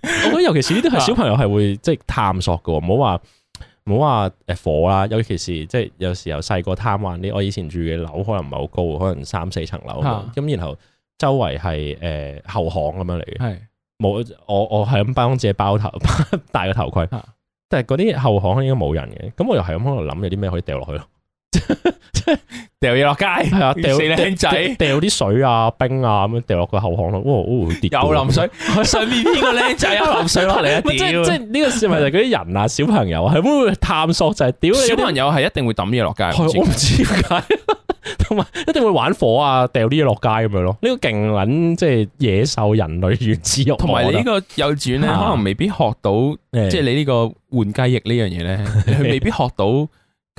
我覺得尤其是呢啲係小朋友係會即係探索嘅，唔好話唔好話誒火啦。尤其是即係有時候細個貪玩啲，我以前住嘅樓可能唔係好高，可能三四層樓咁，啊、然後周圍係誒後巷咁樣嚟嘅，係冇是我我喺辦公室包頭戴個頭盔。啊啊但係嗰啲後巷應該冇人嘅。咁我又係咁喺度諗有啲咩可以掉落去咯，掉嘢落街係啊，掉死靚仔，掉啲水啊、冰啊咁樣掉落個後巷咯。又淋水，上面邊個靚仔啊，淋水落嚟啊，屌！即係呢個係咪就嗰啲人啊，小朋友啊，係會唔會探索就係屌你，小朋友係一定會抌嘢落街，我唔知點解。同埋一定會玩火啊，掉啲嘢落街咁樣咯。呢個勁撚即係野獸、人類、原始動物。同埋你呢個幼稚園咧，可能未必學到，即係、啊、你呢個換雞翼呢樣嘢咧，佢是的 未必學到咁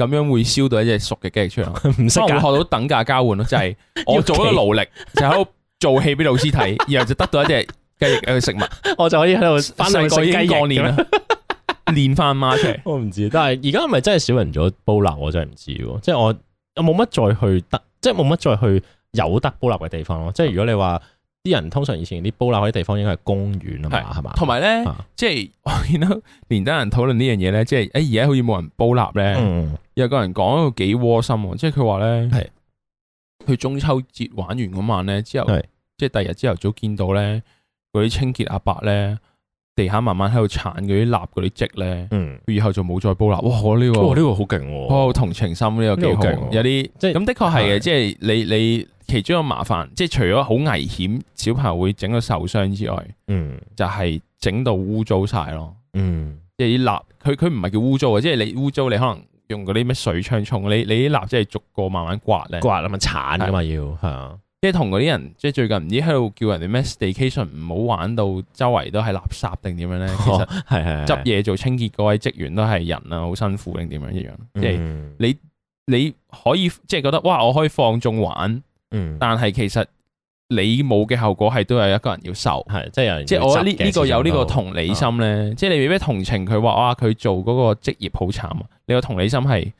樣會燒到一隻熟嘅雞翼出嚟。唔識，但係學到等價交換咯，啊、就係我做咗勞力， okay 就喺度做戲俾老師睇，然後就得到一隻雞翼嘅食物，我就可以喺度翻嚟過英過年啦，練翻馬車。我唔知，但係而家係咪真係少人咗煲流，我真係唔知。即係我。又冇乜再去得？即係冇乜再去有得煲立嘅地方咯。即係如果你話啲、嗯、人通常以前啲煲立嗰啲地方應該係公園啊嘛，係嘛是？同埋咧，即係我見到連登人討論呢樣嘢咧，即係誒而家好似冇人煲立咧。有、嗯、個人講一個幾窩心，即係佢話咧，係是去中秋節玩完嗰晚咧之後，是即係第二日朝頭早見到咧嗰啲清潔阿伯咧。地下慢慢喺度鏟嗰啲蠟嗰啲積咧，以後就冇再煲蠟。哇！呢個呢個好勁，我同情心呢個幾勁。有啲即係咁的確係嘅，即係你你其中一個麻煩，即係除咗好危險，小朋友會整到受傷之外，嗯，就係整到污糟晒咯。嗯，即係啲蠟，佢佢唔係叫污糟啊，即係你污糟你可能用嗰啲咩水槍沖，你你啲蠟即係逐個慢慢刮咧，刮咁嘛鏟噶嘛要吓。即係同嗰啲人，即係最近唔知喺度叫人哋咩 staycation 唔好玩到周圍都係垃圾定點樣咧？哦、其實係係執嘢做清潔嗰位職員都係人啊，好辛苦定點樣一樣。嗯、即係你你可以即係覺得哇，我可以放縱玩，嗯、但係其實你冇嘅後果係都有一個人要受，係、嗯、即係即係我呢呢個有呢個同理心咧。嗯、即係你未必同情佢話哇，佢做嗰個職業好慘啊！你個同理心係。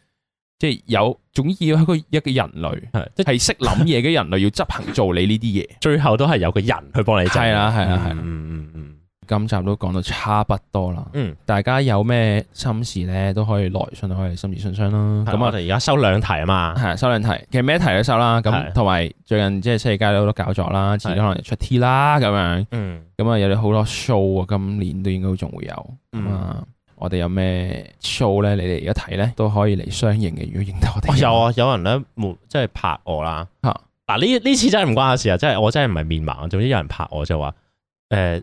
即係有，總要一個一個人類，係即係識諗嘢嘅人類要執行做你呢啲嘢，最後都係有個人去幫你整。係啦，係啦，係啦。嗯嗯嗯，今集都講到差不多啦。嗯，大家有咩心事咧，都可以來信，可以心事信箱啦。咁我哋而家收兩題啊嘛，係收兩題，其實咩題都收啦。咁同埋最近即係世界都好多搞作啦，自己可能出 T 啦咁樣。嗯，咁啊有啲好多 show 啊，今年都應該仲會有啊。我哋有咩 show 咧？你哋而家睇咧都可以嚟相認嘅。如果認得我哋、哦，有啊，有人咧冇即係拍我啦嚇。嗱呢呢次真係唔關事啊！即係我真係唔係面盲。總之有人拍我就話誒、呃，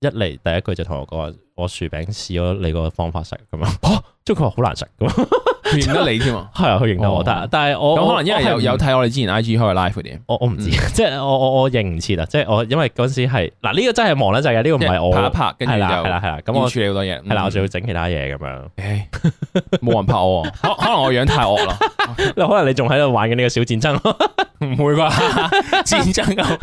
一嚟第一句就同我講話，我薯餅試咗你個方法食咁啊，即係佢話好難食咁。 認得你添啊，係啊，佢認得我，但但係我咁可能因為有有睇我哋之前 I G 開嘅 live 點，我我唔知，即係我我我認唔切啦，即係我因為嗰時係嗱呢個真係忙得滯嘅，呢個唔係我拍一拍，跟住就係啦係啦，咁我處理好多嘢，係啦，我仲要整其他嘢咁樣，冇人拍我，可可能我樣太惡啦，可能你仲喺度玩緊呢個小戰爭咯，唔會啩戰爭啊，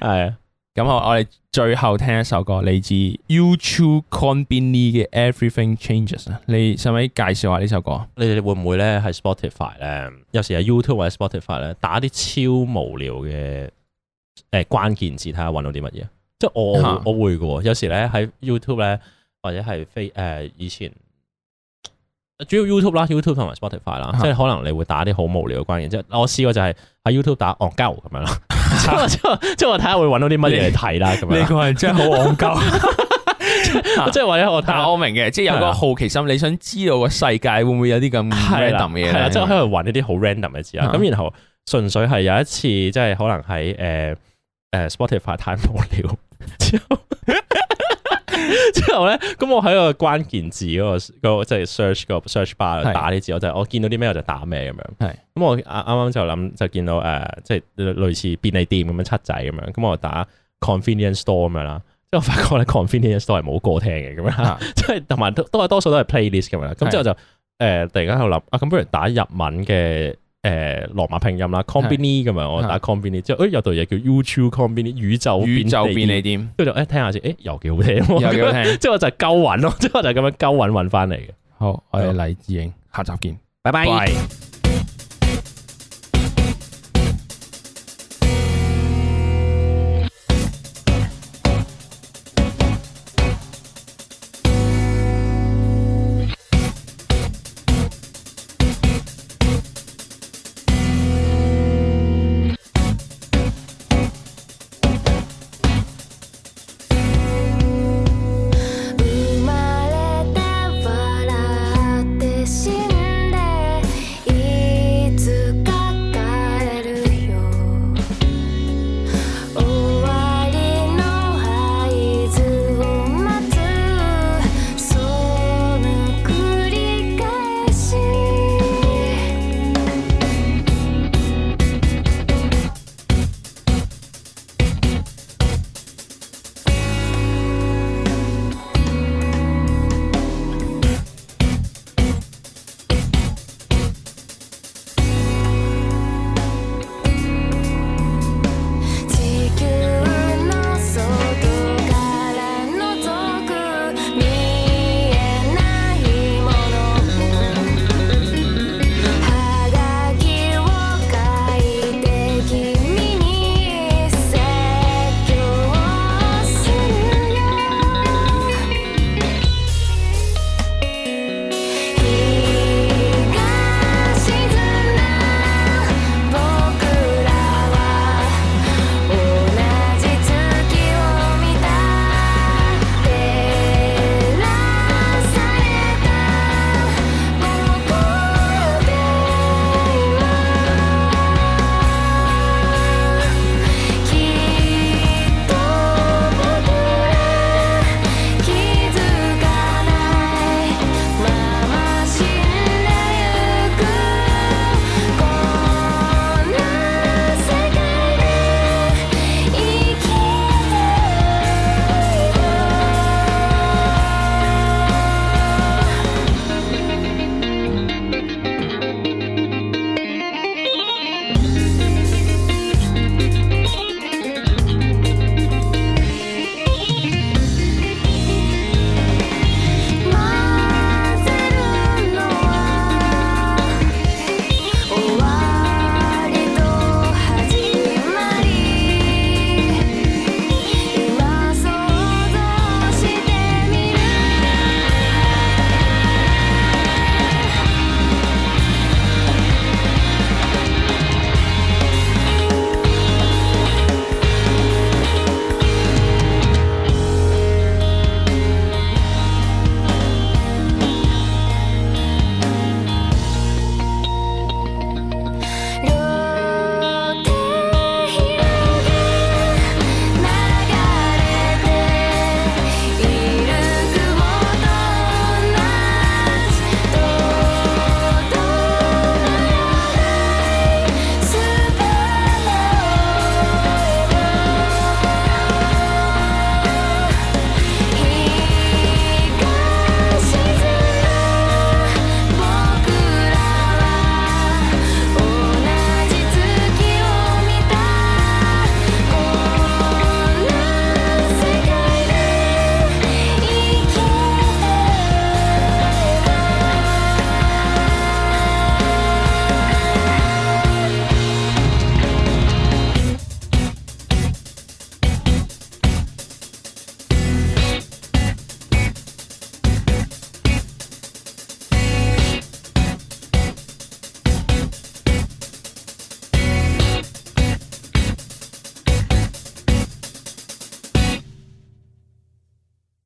係啊。咁我我哋最後聽一首歌，嚟自宇宙コンビニ嘅 Everything Changes 啊！你使唔使介紹下呢首歌？你哋會唔會咧？喺 Spotify 咧，有時喺 YouTube 或者 Spotify 咧，打啲超無聊嘅誒關鍵字，睇下揾到啲乜嘢？即係我我會嘅，有時咧喺 YouTube 咧，或者係非誒以前主要 YouTube, YouTube 啦，YouTube 同埋 Spotify 啦，即係可能你會打啲好無聊嘅關鍵字。嗯、即係我試過就係喺 YouTube 打 on、哦、go 咁樣啦。 即即係，我睇下會揾到啲乜嘢嚟睇啦。咁樣你個係真係好戇鳩。即係為咗我睇下，我明嘅，即係有個好奇心，是啊、你想知道個世界會唔會有啲咁 random 嘅嘢？係啦、啊啊，即係喺度揾一啲好 random 嘅字是啊。咁然後純粹係有一次，即係可能喺誒誒，Spotify 太無聊。之後 之後咧，咁 我喺個關鍵字嗰，那個、就是、search，個即係 search 個 search bar 打啲字，我就的我見到啲咩的我就打咩咁樣。係咁我啱啱就諗就見到誒，即、呃、係、就是、類似便利店咁樣七仔咁樣。咁我打 convenience store 咁樣啦，即係我發覺咧 convenience store 係冇歌聽嘅咁樣，即係同埋都係多數都係 playlist 咁樣。咁之後就誒的、呃，突然間我諗啊，咁不如打日文嘅。誒羅馬拼音啦 konbini 咁樣我打 konbini 之後，誒有道嘢叫 YouTube konbini 宇宙宇宙便利店，跟住就誒聽下先，誒又幾好聽，又幾好聽 即係我就係鳩揾咯，即係我就咁樣鳩揾揾翻嚟嘅。好，我哋黎智英，下集見，拜拜。